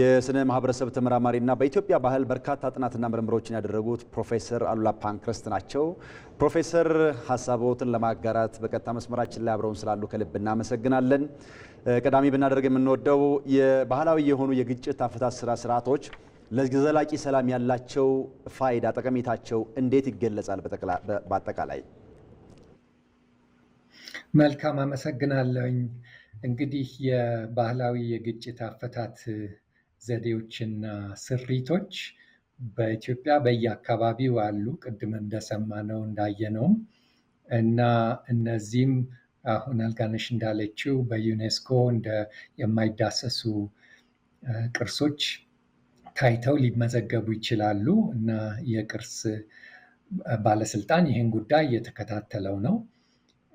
የስነ ማህበረሰብ ተመራማሪና በኢትዮጵያ ባህል በርካታ ጥናትና ምርምሮችን ያደረጉት ፕሮፌሰር አሉላ ፓንክረስት ናቸው። ፕሮፌሰር ሀሳቦትን ለማጋራት በቀጥታ መስመራችን ላይ አብረውን ስላሉ ከልብ እናመሰግናለን። ቀዳሚ ብናደርግ የምንወደው የባህላዊ የሆኑ የግጭት አፈታት ስራ ስርዓቶች ለዘላቂ ሰላም ያላቸው ፋይዳ ጠቀሜታቸው እንዴት ይገለጻል? በአጠቃላይ መልካም አመሰግናለኝ። እንግዲህ የባህላዊ የግጭት አፈታት ዘዴዎችና ስሪቶች በኢትዮጵያ በየአካባቢው አሉ። ቅድም እንደሰማነው እንዳየነውም እና እነዚህም አሁን አልጋነሽ እንዳለችው በዩኔስኮ እንደ የማይዳሰሱ ቅርሶች ታይተው ሊመዘገቡ ይችላሉ እና የቅርስ ባለስልጣን ይህን ጉዳይ እየተከታተለው ነው።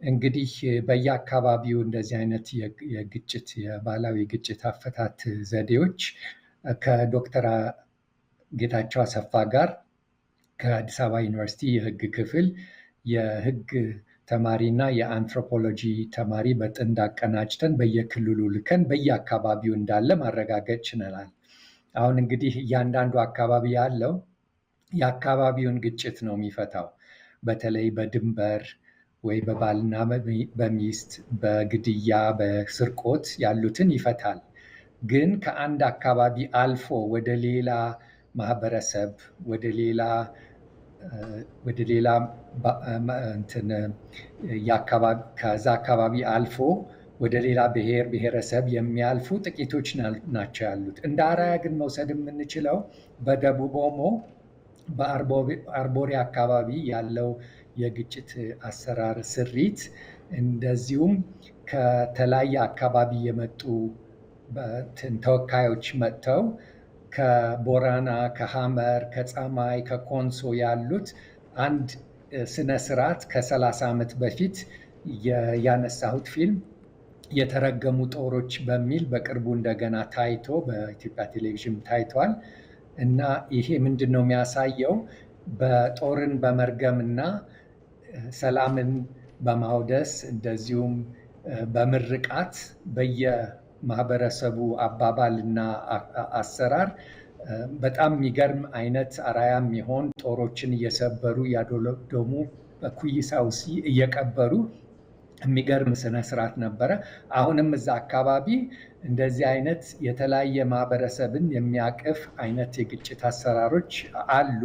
እንግዲህ በየአካባቢው እንደዚህ አይነት የግጭት የባህላዊ ግጭት አፈታት ዘዴዎች ከዶክተር ጌታቸው አሰፋ ጋር ከአዲስ አበባ ዩኒቨርሲቲ የህግ ክፍል የህግ ተማሪ እና የአንትሮፖሎጂ ተማሪ በጥንድ አቀናጭተን በየክልሉ ልከን በየአካባቢው እንዳለ ማረጋገጥ ችለናል። አሁን እንግዲህ እያንዳንዱ አካባቢ ያለው የአካባቢውን ግጭት ነው የሚፈታው። በተለይ በድንበር ወይ በባልና በሚስት በግድያ፣ በስርቆት ያሉትን ይፈታል። ግን ከአንድ አካባቢ አልፎ ወደ ሌላ ማህበረሰብ ወደ ሌላ ወደ ሌላ ከዛ አካባቢ አልፎ ወደ ሌላ ብሔር ብሔረሰብ የሚያልፉ ጥቂቶች ናቸው ያሉት። እንደ አራያ ግን መውሰድ የምንችለው በደቡብ ኦሞ በአርቦሪ አካባቢ ያለው የግጭት አሰራር ስሪት እንደዚሁም ከተለያየ አካባቢ የመጡ ተወካዮች መጥተው ከቦራና፣ ከሐመር፣ ከጸማይ ከኮንሶ ያሉት አንድ ስነ ስርዓት ከ30 ዓመት በፊት ያነሳሁት ፊልም የተረገሙ ጦሮች በሚል በቅርቡ እንደገና ታይቶ በኢትዮጵያ ቴሌቪዥን ታይቷል እና ይሄ ምንድን ነው የሚያሳየው በጦርን እና ሰላምን በማውደስ እንደዚሁም በምርቃት በየ ማህበረሰቡ አባባልና አሰራር በጣም የሚገርም አይነት አራያ የሚሆን ጦሮችን እየሰበሩ ያደሎደሙ በኩይሳ እየቀበሩ የሚገርም ስነስርዓት ነበረ። አሁንም እዛ አካባቢ እንደዚህ አይነት የተለያየ ማህበረሰብን የሚያቅፍ አይነት የግጭት አሰራሮች አሉ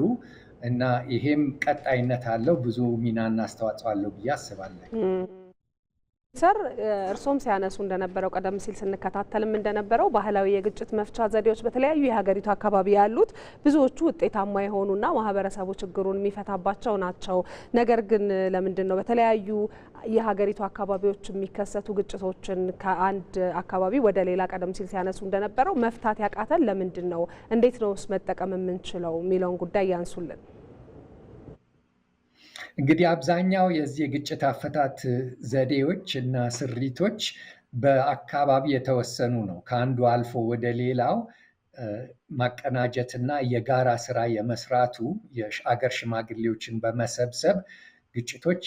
እና ይሄም ቀጣይነት አለው፣ ብዙ ሚናና አስተዋጽኦ አለው ብዬ አስባለሁ። ሰር እርሶም ሲያነሱ እንደነበረው ቀደም ሲል ስንከታተልም እንደነበረው ባህላዊ የግጭት መፍቻ ዘዴዎች በተለያዩ የሀገሪቱ አካባቢ ያሉት ብዙዎቹ ውጤታማ የሆኑና ማህበረሰቡ ችግሩን የሚፈታባቸው ናቸው። ነገር ግን ለምንድን ነው በተለያዩ የሀገሪቱ አካባቢዎች የሚከሰቱ ግጭቶችን ከአንድ አካባቢ ወደ ሌላ ቀደም ሲል ሲያነሱ እንደነበረው መፍታት ያቃተን ለምንድን ነው? እንዴት ነውስ መጠቀም የምንችለው የሚለውን ጉዳይ ያንሱልን። እንግዲህ አብዛኛው የዚህ የግጭት አፈታት ዘዴዎች እና ስሪቶች በአካባቢ የተወሰኑ ነው። ከአንዱ አልፎ ወደ ሌላው ማቀናጀትና የጋራ ስራ የመስራቱ የአገር ሽማግሌዎችን በመሰብሰብ ግጭቶች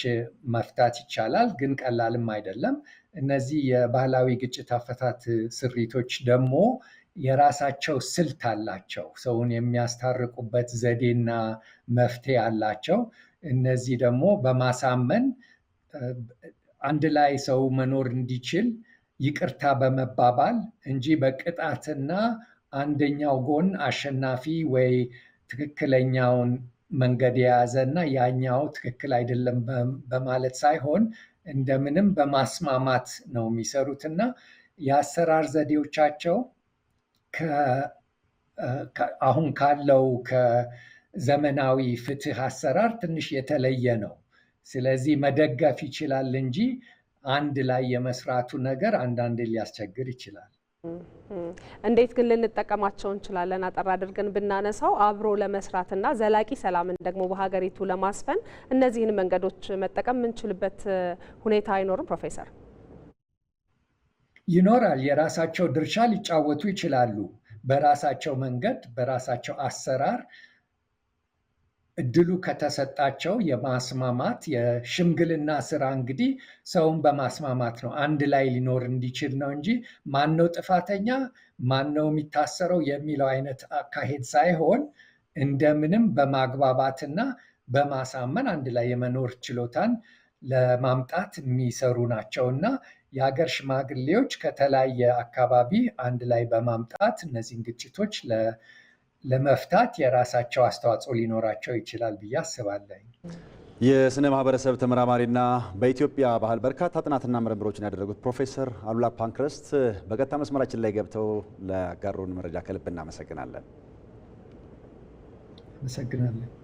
መፍታት ይቻላል፣ ግን ቀላልም አይደለም። እነዚህ የባህላዊ ግጭት አፈታት ስሪቶች ደግሞ የራሳቸው ስልት አላቸው። ሰውን የሚያስታርቁበት ዘዴና መፍትሄ አላቸው። እነዚህ ደግሞ በማሳመን አንድ ላይ ሰው መኖር እንዲችል ይቅርታ በመባባል እንጂ በቅጣትና አንደኛው ጎን አሸናፊ ወይ ትክክለኛውን መንገድ የያዘ እና ያኛው ትክክል አይደለም በማለት ሳይሆን እንደምንም በማስማማት ነው የሚሰሩት እና የአሰራር ዘዴዎቻቸው አሁን ካለው ዘመናዊ ፍትህ አሰራር ትንሽ የተለየ ነው። ስለዚህ መደገፍ ይችላል እንጂ አንድ ላይ የመስራቱ ነገር አንዳንዴ ሊያስቸግር ይችላል። እንዴት ግን ልንጠቀማቸው እንችላለን? አጠር አድርገን ብናነሳው አብሮ ለመስራትና ዘላቂ ሰላምን ደግሞ በሀገሪቱ ለማስፈን እነዚህን መንገዶች መጠቀም የምንችልበት ሁኔታ አይኖርም? ፕሮፌሰር ይኖራል። የራሳቸው ድርሻ ሊጫወቱ ይችላሉ። በራሳቸው መንገድ፣ በራሳቸው አሰራር እድሉ ከተሰጣቸው የማስማማት የሽምግልና ስራ እንግዲህ ሰውን በማስማማት ነው አንድ ላይ ሊኖር እንዲችል ነው እንጂ ማነው ጥፋተኛ ማነው የሚታሰረው የሚለው አይነት አካሄድ ሳይሆን እንደምንም በማግባባትና በማሳመን አንድ ላይ የመኖር ችሎታን ለማምጣት የሚሰሩ ናቸው እና የሀገር ሽማግሌዎች ከተለያየ አካባቢ አንድ ላይ በማምጣት እነዚህን ግጭቶች ለመፍታት የራሳቸው አስተዋጽኦ ሊኖራቸው ይችላል ብዬ አስባለሁ። የስነ ማህበረሰብ ተመራማሪና በኢትዮጵያ ባህል በርካታ ጥናትና ምርምሮችን ያደረጉት ፕሮፌሰር አሉላ ፓንክረስት በቀጥታ መስመራችን ላይ ገብተው ለጋሩን መረጃ ከልብ እናመሰግናለን። አመሰግናለን።